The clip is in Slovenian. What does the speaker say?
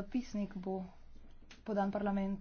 zapisnik bo podan parlament.